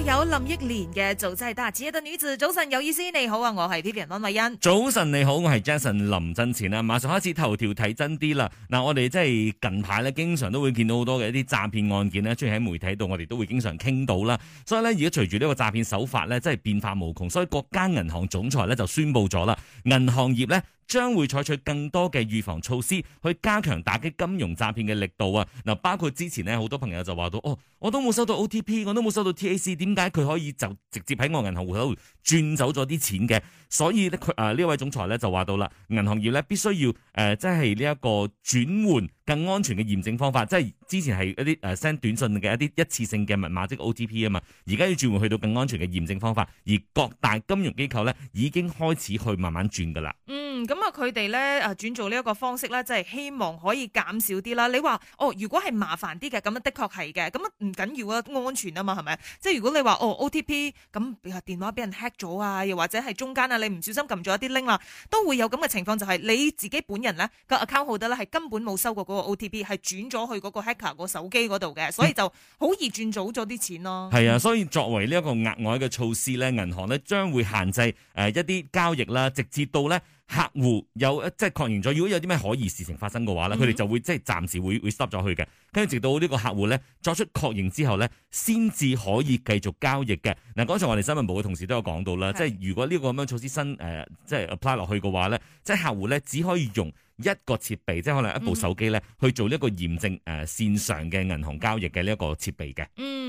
有林憶蓮嘅《做真係得》，《只一對女子》。早晨有意思，你好啊，我係 Tiffany 温慧欣。早晨你好，我係 Jason 林振前啊。馬上開始頭條睇真啲啦。嗱、嗯，我哋即係近排咧，經常都會見到好多嘅一啲詐騙案件呢，出現喺媒體度，我哋都會經常傾到啦。所以呢，而家隨住呢個詐騙手法呢，真係變化無窮。所以國家銀行總裁呢，就宣布咗啦，銀行業呢。將會採取更多嘅預防措施，去加強打擊金融詐騙嘅力度啊！嗱，包括之前咧，好多朋友就話到，哦，我都冇收到 OTP，我都冇收到 TAC，點解佢可以就直接喺我銀行戶口轉走咗啲錢嘅？所以咧，佢啊呢位總裁咧就話到啦，銀行業咧必須要誒，即係呢一個轉換。更安全嘅驗證方法，即係之前係一啲誒 send 短信嘅一啲一次性嘅密碼即 O T P 啊嘛，而家要轉換去到更安全嘅驗證方法，而各大金融機構咧已經開始去慢慢轉噶啦。嗯，咁啊佢哋咧誒轉做呢一個方式咧，即係希望可以減少啲啦。你話哦，如果係麻煩啲嘅，咁啊的確係嘅，咁啊唔緊要啊，安全啊嘛，係咪？即係如果你話哦 O T P，咁電話俾人 hack 咗啊，又或者係中間啊，你唔小心撳咗一啲 link 啊，都會有咁嘅情況，就係你自己本人咧個 account holder 咧係根本冇收過嗰個 OTP 係轉咗去嗰個 hacker 個手機嗰度嘅，所以就好易轉走咗啲錢咯。係啊，所以作為呢一個額外嘅措施咧，銀行咧將會限制誒一啲交易啦，直至到咧客戶有即係確認咗，如果有啲咩可疑事情發生嘅話咧，佢哋就會即係暫時會會 stop 咗去嘅。跟住直到呢個客戶咧作出確認之後咧，先至可以繼續交易嘅。嗱，剛才我哋新聞部嘅同事都有講到啦，即係如果呢個咁樣措施新誒即係 apply 落去嘅話咧，即係客戶咧只可以用一個設備，即係可能一部手機咧，去做呢個驗證誒、呃、綫上嘅銀行交易嘅呢一個設備嘅。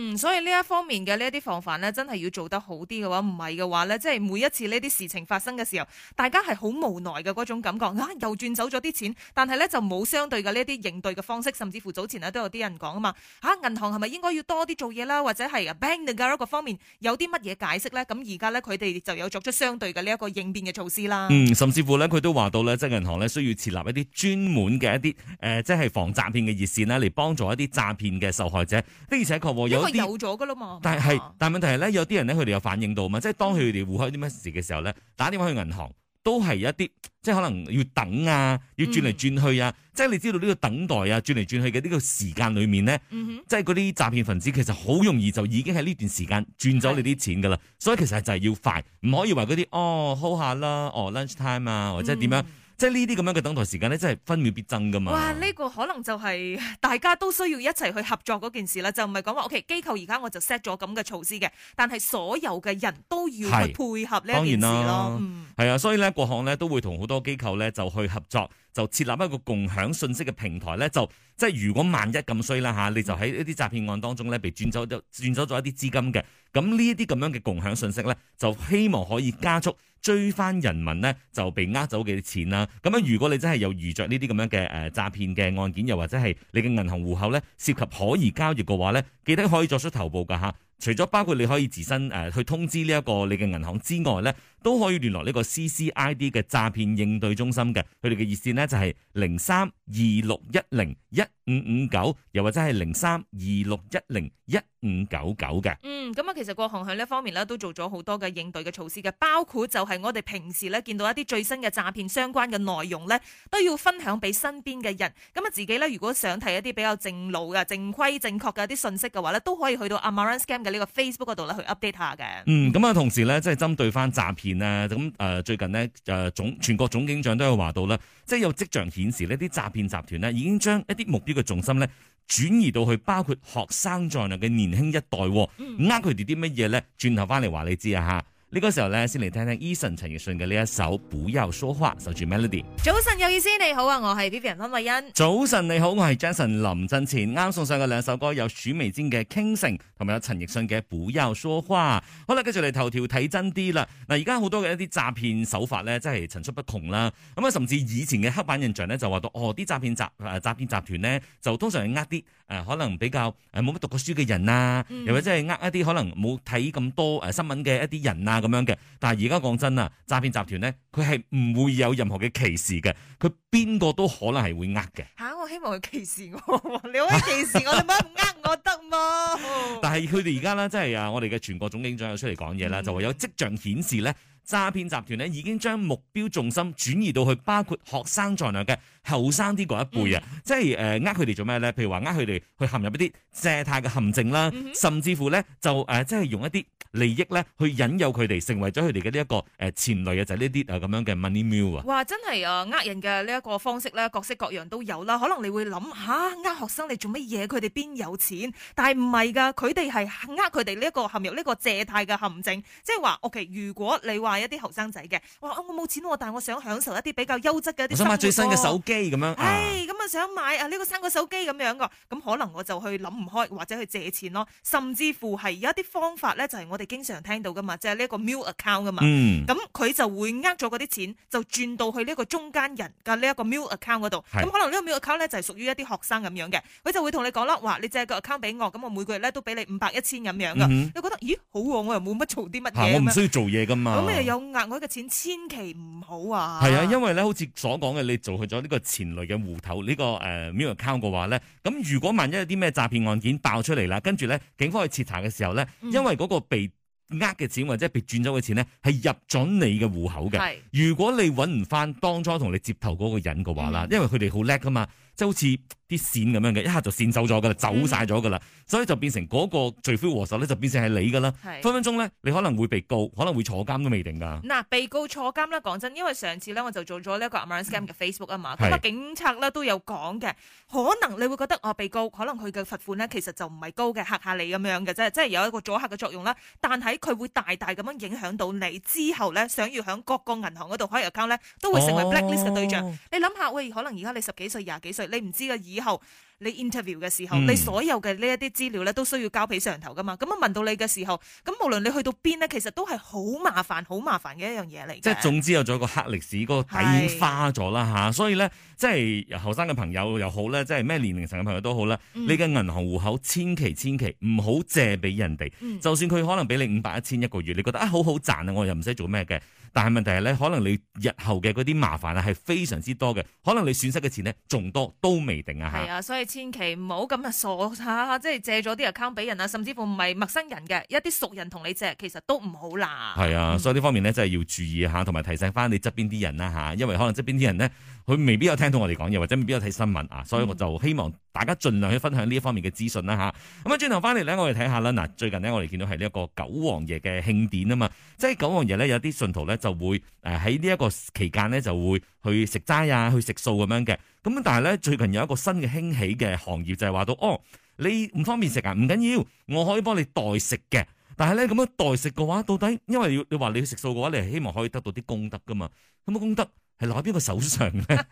嗯，所以呢一方面嘅呢一啲防範呢，真係要做得好啲嘅話，唔係嘅話呢，即係每一次呢啲事情發生嘅時候，大家係好無奈嘅嗰種感覺啊，又轉走咗啲錢，但係呢就冇相對嘅呢啲應對嘅方式，甚至乎早前咧都有啲人講啊嘛，吓銀行係咪應該要多啲做嘢啦，或者係 banking 嗰方面有啲乜嘢解釋呢，咁而家呢，佢哋就有作出相對嘅呢一個應變嘅措施啦。嗯，甚至乎呢，佢都話到呢，即係銀行呢需要設立一啲專門嘅一啲誒、呃、即係防詐騙嘅熱線呢嚟幫助一啲詐騙嘅受害者。的而且確。有。有咗噶喇嘛？但係但係問題係咧，有啲人咧，佢哋有反應到嘛？即係當佢哋戶口啲乜事嘅時候咧，打電話去銀行都係一啲，即係可能要等啊，要轉嚟轉去啊。嗯、即係你知道呢個等待啊，轉嚟轉去嘅呢個時間裏面咧、嗯，即係嗰啲詐騙分子其實好容易就已經喺呢段時間轉走你啲錢噶啦。所以其實就係要快，唔可以話嗰啲哦 hold 下啦，哦 lunch time、哦、啊，或者點樣。嗯即係呢啲咁樣嘅等待時間咧，真係分秒必爭㗎嘛！哇！呢、這個可能就係大家都需要一齊去合作嗰件事啦，就唔係講話，OK，機構而家我就 set 咗咁嘅措施嘅，但係所有嘅人都要去配合呢一件事咯。係、嗯、啊，所以咧，國行咧都會同好多機構咧就去合作。就設立一個共享信息嘅平台呢，就即係如果萬一咁衰啦、啊、你就喺一啲詐騙案當中呢，被轉走，就轉走咗一啲資金嘅。咁呢一啲咁樣嘅共享信息呢，就希望可以加速追翻人民呢，就被呃走嘅啲錢啦、啊。咁樣如果你真係有遇着呢啲咁樣嘅誒、呃、詐騙嘅案件，又或者係你嘅銀行戶口呢，涉及可疑交易嘅話呢，記得可以作出投報噶嚇。除咗包括你可以自身誒、呃、去通知呢一個你嘅銀行之外咧，都可以聯絡呢個 CCID 嘅詐騙應對中心嘅，佢哋嘅熱線咧就係零三二六一零一五五九，又或者係零三二六一零一五九九嘅。嗯，咁、嗯、啊，其實國行喺呢方面咧都做咗好多嘅應對嘅措施嘅，包括就係我哋平時咧見到一啲最新嘅詐騙相關嘅內容咧，都要分享俾身邊嘅人。咁啊，自己咧如果想睇一啲比較老正路嘅，正規正確嘅一啲信息嘅話咧，都可以去到 Amaran Scam 喺呢個 Facebook 嗰度咧，去 update 下嘅。嗯，咁啊，同時咧，即係針對翻詐騙啊。咁、呃、誒最近咧誒總全國總警長都有話到咧，即係有跡象顯示呢啲詐騙集團咧已經將一啲目標嘅重心咧轉移到去包括學生在內嘅年輕一代，呃，佢哋啲乜嘢咧，轉頭翻嚟話你知啊嚇。呢、這個時候咧，先嚟聽聽 Eason 陳奕迅嘅呢一首《不要說話》，守住 melody。早晨有意思，你好啊，我係呢 B 人潘慧欣。早晨你好，我係 Jason 林振前。啱送上嘅兩首歌有許美靜嘅《傾城》，同埋有陳奕迅嘅《不要說話》。好啦，繼續嚟頭條睇真啲啦。嗱，而家好多嘅一啲詐騙手法咧，真係層出不窮啦。咁啊，甚至以前嘅黑板印象咧，就話到哦，啲詐騙集誒、呃、詐騙集團咧，就通常係呃啲誒可能比較誒冇乜讀過書嘅人啊，又或者係呃一啲可能冇睇咁多誒新聞嘅、嗯呃、一啲人啊。咁樣嘅，但係而家講真啊，詐騙集團咧，佢係唔會有任何嘅歧視嘅，佢邊個都可能係會呃嘅。吓、啊，我希望佢歧視我， 你可以歧視我， 你唔呃我得麼、啊？但係佢哋而家咧，即係啊，我哋嘅全國總警長又出嚟講嘢啦，就話有跡象顯示咧。詐騙集團咧已經將目標重心轉移到去，包括學生在內嘅後生啲嗰一輩啊、嗯，即係誒呃佢哋做咩咧？譬如話呃佢哋去陷入一啲借貸嘅陷阱啦、嗯，甚至乎咧就誒即係用一啲利益咧去引誘佢哋成為咗佢哋嘅呢一個誒潛雷嘅就係呢啲咁樣嘅 money mule 啊。哇！真係啊呃人嘅呢一個方式咧，各式各樣都有啦。可能你會諗嚇呃學生你做乜嘢？佢哋邊有錢？但係唔係㗎？佢哋係呃佢哋呢一個陷入呢個借貸嘅陷阱，即係話 OK。Okay, 如果你話一啲後生仔嘅，哇！我冇錢喎，但係我想享受一啲比較優質嘅一啲想買最新嘅手機咁樣，係、哎、咁啊想買啊呢個三個手機咁樣個，咁可能我就去諗唔開，或者去借錢咯，甚至乎係有一啲方法咧，就係我哋經常聽到嘅嘛，就係呢一個 mule account 嘅、嗯、嘛，咁佢就會呃咗嗰啲錢，就轉到去呢一個中間人嘅呢一個 mule account 嗰度，咁可能呢個 mule account 咧就係屬於一啲學生咁樣嘅，佢就會同你講啦，話你借個 account 俾我，咁我每個月咧都俾你五百一千咁樣嘅、嗯，你覺得咦好喎、啊，我又冇乜做啲乜嘢我唔需要做嘢咁嘛。有額外嘅錢，千祈唔好啊！係啊，因為咧，好似所講嘅，你做去咗呢個前類嘅戶頭呢個 mirror account 嘅話咧，咁如果萬一有啲咩詐騙案件爆出嚟啦，跟住咧，警方去徹查嘅時候咧，因為嗰個被呃嘅錢或者被轉咗嘅錢咧，係入咗你嘅戶口嘅。係，如果你揾唔翻當初同你接頭嗰個人嘅話啦、嗯，因為佢哋好叻啊嘛，即係好似。啲線咁樣嘅，一下就線走咗噶啦，走晒咗噶啦，所以就變成嗰個罪魁禍首咧，就變成係你噶啦，分分鐘咧，你可能會被告，可能會坐監都未定噶。嗱、呃，被告坐監咧，講真，因為上次咧，我就做咗呢個 American Scam 嘅 Facebook 啊、嗯、嘛，咁啊，警察咧都有講嘅，可能你會覺得我被告可能佢嘅罰款咧，其實就唔係高嘅，嚇下你咁樣嘅啫，即係有一個阻嚇嘅作用啦。但係佢會大大咁樣影響到你之後咧，想要喺各個銀行嗰度開 account 咧，都會成為 blacklist 嘅對象。哦、你諗下，喂，可能而家你十幾歲、廿幾歲，你唔知嘅以後。你 interview 嘅時候、嗯，你所有嘅呢一啲資料咧，都需要交俾上頭噶嘛。咁啊問到你嘅時候，咁無論你去到邊咧，其實都係好麻煩，好麻煩嘅一樣嘢嚟。即係總之有咗一個黑歷史的了，個底已經花咗啦吓。所以咧，即係後生嘅朋友又好咧，即係咩年齡層嘅朋友都好啦，嗯，你嘅銀行戶口千祈千祈唔好借俾人哋，嗯。就算佢可能俾你五百一千一個月，你覺得啊、哎、好好賺啊，我又唔使做咩嘅。但係問題係咧，可能你日後嘅嗰啲麻煩啊，係非常之多嘅。可能你損失嘅錢呢，仲多都未定啊。係啊，所以。千祈唔好咁啊，傻下，即係借咗啲 account 俾人啊，甚至乎唔係陌生人嘅一啲熟人同你借，其實都唔好啦。係啊，所以呢方面咧，真係要注意下，同埋提醒翻你側邊啲人啦吓，因為可能側邊啲人咧，佢未必有聽到我哋講嘢，或者未必有睇新聞啊，所以我就希望大家盡量去分享呢一方面嘅資訊啦吓。咁啊，轉頭翻嚟咧，我哋睇下啦，嗱，最近呢，我哋見到係呢一個九皇爺嘅慶典啊嘛，即係九皇爺咧有啲信徒咧就會誒喺呢一個期間咧就會。去食齋啊，去食素咁樣嘅，咁但係咧最近有一個新嘅興起嘅行業就係話到哦，你唔方便食啊，唔緊要，我可以幫你代食嘅。但係咧咁樣代食嘅話，到底因為要你話你去食素嘅話，你係希望可以得到啲功德噶嘛？咁有冇功德？係攞邊個手上咧？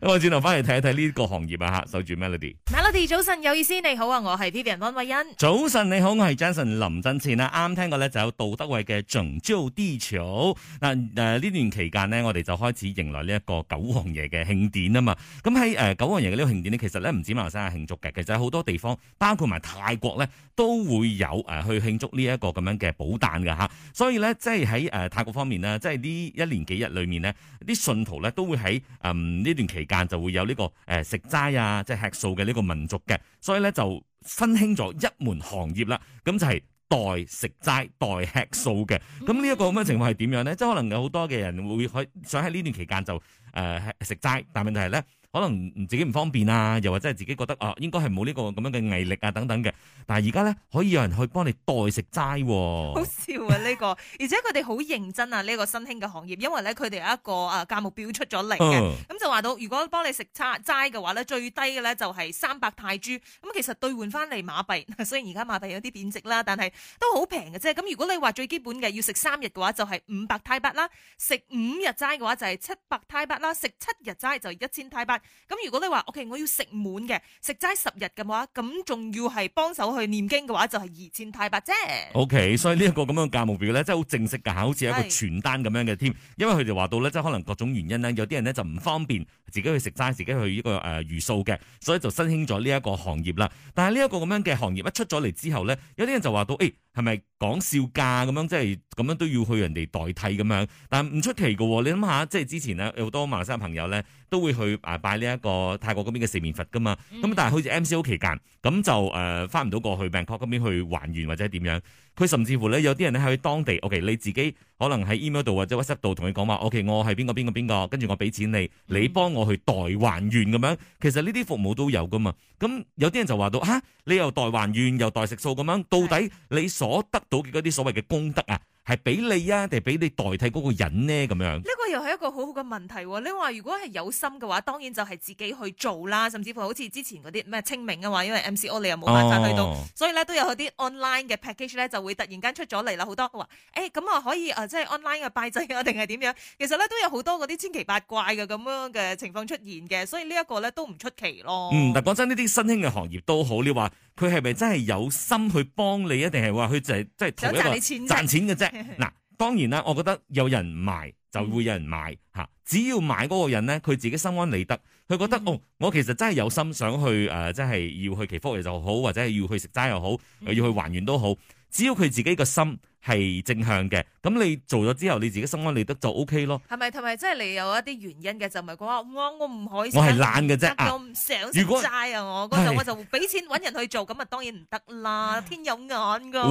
咁我轉頭翻嚟睇一睇呢個行業啊！守住 Melody，Melody 早晨有意思，你好啊！我係 Tiffany 安慧欣。早晨你好，我係 Jason 林振倩啦。啱啱聽過咧就有杜德偉嘅《仲朝啲草》。嗱、呃、誒，呢段期間呢，我哋就開始迎來呢一個九皇爺嘅慶典啊嘛。咁喺誒九皇爺嘅呢個慶典呢，其實咧唔止馬來西亞慶祝嘅，其實有好多地方，包括埋泰國咧都會有誒去慶祝呢一個咁樣嘅寶誕嘅吓。所以咧，即係喺誒泰國方面呢，即係呢一年幾日裏面呢。啲信徒咧都會喺、嗯、呢段期間就會有呢個、呃、食齋啊，即係吃素嘅呢個民族嘅，所以咧就分興咗一門行業啦。咁就係代食齋、代吃素嘅。咁呢一個咁嘅情況係點樣咧？即係可能有好多嘅人會去想喺呢段期間就、呃、食齋，但問題係咧。可能自己唔方便啊，又或者係自己覺得啊，應該係冇呢個咁樣嘅毅力啊等等嘅。但係而家呢，可以有人去幫你代食齋，啊，好笑啊呢、呢個！ 而且佢哋好認真啊呢、呢個新興嘅行業，因為呢，佢哋有一個啊價目表出咗嚟嘅。咁、嗯、就話到，如果幫你食齋嘅話呢，最低嘅呢就係三百泰銖。咁其實兌換翻嚟馬幣，雖然而家馬幣有啲貶值啦，但係都好平嘅啫。咁如果你話最基本嘅要食三日嘅話，就係五百泰巴啦；食五日齋嘅話就係七百泰巴啦；食七日齋就一千泰巴。咁如果你話，OK，我要食滿嘅，食齋十日嘅話，咁仲要係幫手去念經嘅話，就係、是、二千泰幣啫。OK，所以呢一個咁樣嘅價目表咧，真係好正式噶，好似係一個傳單咁樣嘅添。因為佢哋話到咧，即係可能各種原因咧，有啲人咧就唔方便。自己去食齋，自己去呢個誒預數嘅，所以就新興咗呢一個行業啦。但係呢一個咁樣嘅行業一出咗嚟之後咧，有啲人就話到，誒係咪講笑價咁樣，即係咁樣都要去人哋代替咁樣？但係唔出奇嘅喎、哦，你諗下，即係之前咧有好多馬來西亞朋友咧都會去誒拜呢一個泰國嗰邊嘅四面佛噶嘛。咁、嗯、但係好似 MCO 期間，咁就誒翻唔到過去 Bangkok 嗰邊去還願或者點樣？佢甚至乎咧，有啲人咧喺當地，OK，你自己可能喺 email 度或者 WhatsApp 度同佢講話，OK，我係邊個邊個邊個，跟住我俾錢你，你幫我去代還願咁樣。其實呢啲服務都有㗎嘛。咁有啲人就話到吓，你又代還願又代食素咁樣，到底你所得到嘅嗰啲所謂嘅功德啊，係俾你啊，定係俾你代替嗰個人呢？咁樣呢個又係一個好好嘅問題，哦。你話如果係有心嘅話，當然就係自己去做啦。甚至乎好似之前嗰啲咩清明啊，話因為 MCO 你又冇辦法去到，哦、所以咧都有嗰啲 online 嘅 package 咧就會突然間出咗嚟啦。好多話誒，咁啊可以，呃、即係 online 嘅拜祭啊，定係點樣？其實咧都有好多嗰啲千奇百怪嘅咁樣嘅情況出現嘅，所以這呢一個咧都唔出奇咯。嗯、但講真呢啲新興嘅行業都好，你話佢係咪真係有心去幫你，定係話佢就係即係圖一個賺錢嘅啫？嗱，當然啦，我覺得有人賣就會有人買，嗯、只要買嗰個人咧，佢自己心安理得，佢覺得、嗯、哦，我其實真係有心想去即、呃、真係要去祈福就好，或者係要去食齋又好，要去還願都好。嗯只要佢自己個心係正向嘅，咁你做咗之後，你自己心安理得就 OK 咯。係咪，同埋即係你有一啲原因嘅、就是，就咪講話我我唔可以，我係懶嘅啫、啊，我唔想。如果齋啊，我嗰陣我就俾錢揾人去做，咁啊當然唔得啦，天有眼噶。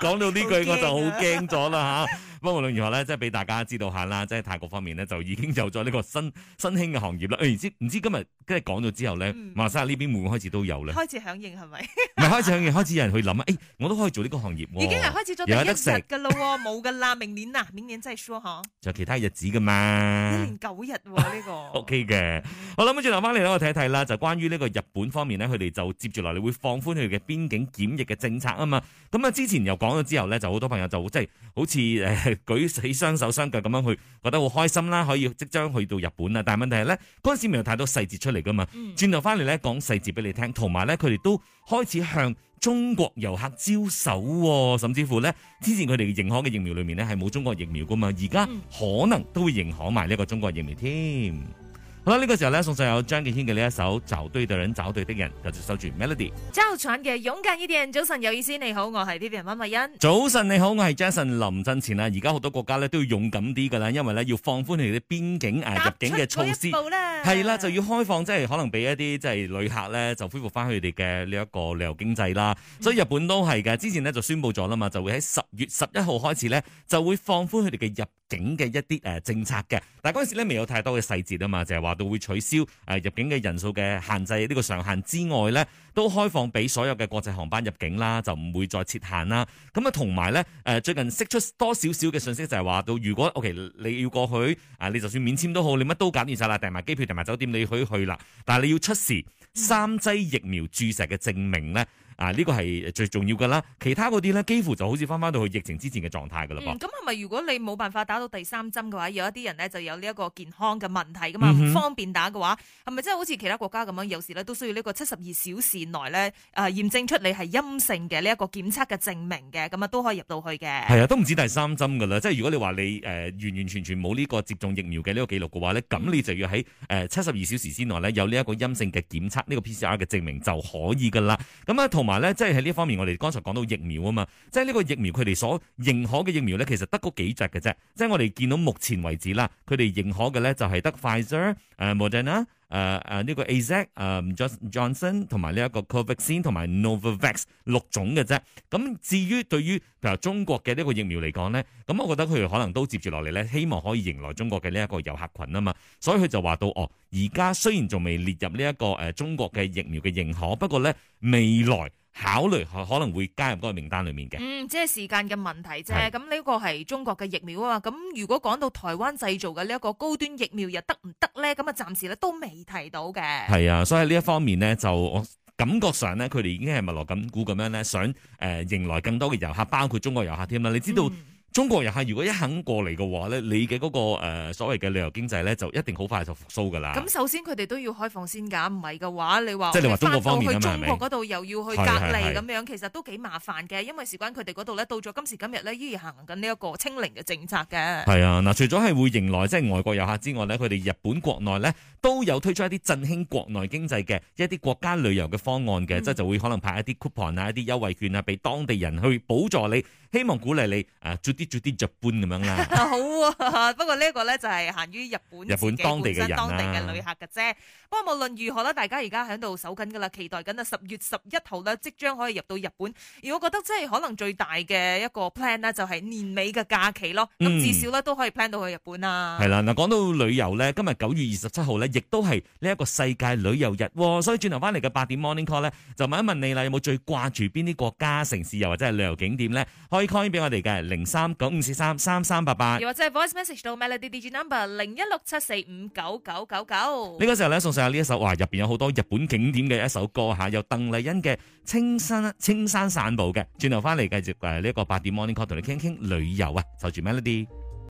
講 到呢這句 我就好驚咗啦嚇。 無論如何咧，即係俾大家知道下啦，即係泰國方面咧，就已經有咗呢個新新興嘅行業啦。誒、哎，唔知唔知道今日即係講咗之後咧，馬沙呢邊會唔會開始都有咧？開始響應係咪？咪 開始響應，開始有人去諗啊！誒、欸，我都可以做呢個行業。已經係開始做到有得一日噶啦，冇噶啦，明年啊，明年真係 short 吓，仲有其他日子噶嘛？ 一連九日呢、啊這個、 okay 的。O K 嘅，好啦，咁轉頭翻嚟咧，我睇一睇啦，就關於呢個日本方面咧，佢哋就接住落嚟會放寬佢嘅邊境檢疫嘅政策啊嘛。咁、嗯、啊，之前又講咗之後咧，就好多朋友就即係好似誒。呃舉起雙手雙腳咁樣去，覺得好開心啦！可以即將去到日本啦，但係問題係咧，嗰陣時未有太多細節出嚟噶嘛。轉頭翻嚟咧，講細節俾你聽，同埋咧，佢哋都開始向中國遊客招手，甚至乎咧，之前佢哋認可嘅疫苗裏面咧係冇中國疫苗噶嘛，而家可能都會認可埋呢一個中國的疫苗添。好啦，呢個時候咧，送上有張敬軒嘅呢一首《找對的人找對的人》，繼續收住 Melody。早晨嘅勇敢啲人，早晨有意思，你好，我係 Vivian 溫慧欣。早晨你好，我係 Jason 林振前啦。而家好多國家咧都要勇敢啲噶啦，因為咧要放寬佢哋啲邊境誒入境嘅措施。踏出一步係啦，就要開放，即係可能俾一啲即係旅客咧，就恢復翻佢哋嘅呢一個旅遊經濟啦。所以日本都係㗎。之前咧就宣布咗啦嘛，就會喺十月十一號開始咧，就會放寬佢哋嘅入境嘅一啲誒政策嘅。但係嗰陣時咧未有太多嘅細節啊嘛，就係話。就會取消誒入境嘅人數嘅限制呢個上限之外咧，都開放俾所有嘅國際航班入境啦，就唔會再設限啦。咁啊，同埋咧誒，最近釋出多少少嘅信息就係話到，如果 OK，你要過去啊，你就算免簽都好，你乜都減免晒啦，訂埋機票訂埋酒店，你可以去啦。但係你要出示三劑疫苗注射嘅證明咧。啊，呢、這個係最重要噶啦，其他嗰啲咧，幾乎就好似返返到去疫情之前嘅狀態噶啦。咁係咪如果你冇辦法打到第三針嘅話，有一啲人咧就有呢一個健康嘅問題噶嘛，唔、嗯、方便打嘅話，係咪即係好似其他國家咁樣，有時都需要呢個七十二小時內咧驗證出你係陰性嘅呢一個檢測嘅證明嘅，咁啊都可以入到去嘅。係啊，都唔止第三針噶啦，即係如果你話你誒、呃、完完全全冇呢個接種疫苗嘅呢個記錄嘅話呢，咁你就要喺誒七十二小時之內呢有呢一個陰性嘅檢測，呢、這個 P C R 嘅證明就可以噶啦。咁、嗯、啊同。同埋咧，即係喺呢方面，我哋剛才講到疫苗啊嘛，即係呢個疫苗，佢哋所認可嘅疫苗咧，其實得嗰幾隻嘅啫。即係我哋見到目前為止啦，佢哋認可嘅咧就係得 Pfizer 誒 Moderna 誒誒呢個 AZ、呃、誒 Johnson 同埋呢一個 Covaxin 同埋 Novavax 六種嘅啫，咁至於對於譬如中國嘅呢個疫苗嚟講咧，咁我覺得佢哋可能都接住落嚟咧，希望可以迎來中國嘅呢一個遊客群啊嘛，所以佢就話到哦，而家雖然仲未列入呢一個誒中國嘅疫苗嘅認可，不過咧未來，考慮可能會加入嗰個名單裏面嘅，嗯，即係時間嘅問題啫。咁呢個係中國嘅疫苗啊，咁如果講到台灣製造嘅呢一個高端疫苗又得唔得咧？咁啊，暫時咧都未提到嘅。係啊，所以呢一方面咧，就我感覺上咧，佢哋已經係密鑼緊鼓咁樣咧，想誒、呃、迎來更多嘅遊客，包括中國遊客添啦。你知道？嗯中國遊客如果一肯過嚟嘅話咧，你嘅嗰個、呃、所謂嘅旅遊經濟咧，就一定好快就復甦噶啦。咁首先佢哋都要開放先㗎，唔係嘅話，你話，即係你話，返到去中國嗰度又要去隔離咁樣，其實都幾麻煩嘅，因為事關佢哋嗰度咧，到咗今時今日咧，依然行緊呢一個清零嘅政策嘅。係啊，嗱，除咗係會迎來即係外國遊客之外咧，佢哋日本國內咧都有推出一啲振興國內經濟嘅一啲國家旅遊嘅方案嘅、嗯，即係就會可能派一啲 coupon 啊、一啲優惠券啊，俾當地人去補助你。希望鼓勵你啊，早啲早啲入搬咁樣啦。好喎，不過這呢一個咧就係、是、限於日本，本日本當地嘅人、啊、當地嘅旅客嘅啫。不過無論如何啦，大家而家喺度守緊噶啦，期待緊啊。十月十一號咧即將可以入到日本。而我覺得即係可能最大嘅一個 plan 咧，就係年尾嘅假期咯。咁、嗯、至少咧都可以 plan 到去日本啊。係啦，嗱，講到旅遊咧，今天9 27日九月二十七號咧，亦都係呢一個世界旅遊日喎、哦。所以轉頭翻嚟嘅八點 Morning Call 咧，就問一問你啦，有冇最掛住邊啲國家、城市又或者係旅遊景點咧？可以。call 俾我哋嘅零三九五四三三三八八，又或者係 voice message 到 Melody DJ number 零一六七四五九九九九。呢、這個時候咧送上呢一首哇，入邊有好多日本景點嘅一首歌吓、啊，有鄧麗欣嘅青山青山散步嘅。轉頭翻嚟繼續誒呢個八點 morning call 同你傾傾旅遊啊，守住 Melody。